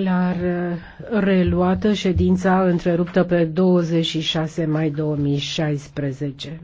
clar uh, reluată ședința întreruptă pe 26 mai 2016.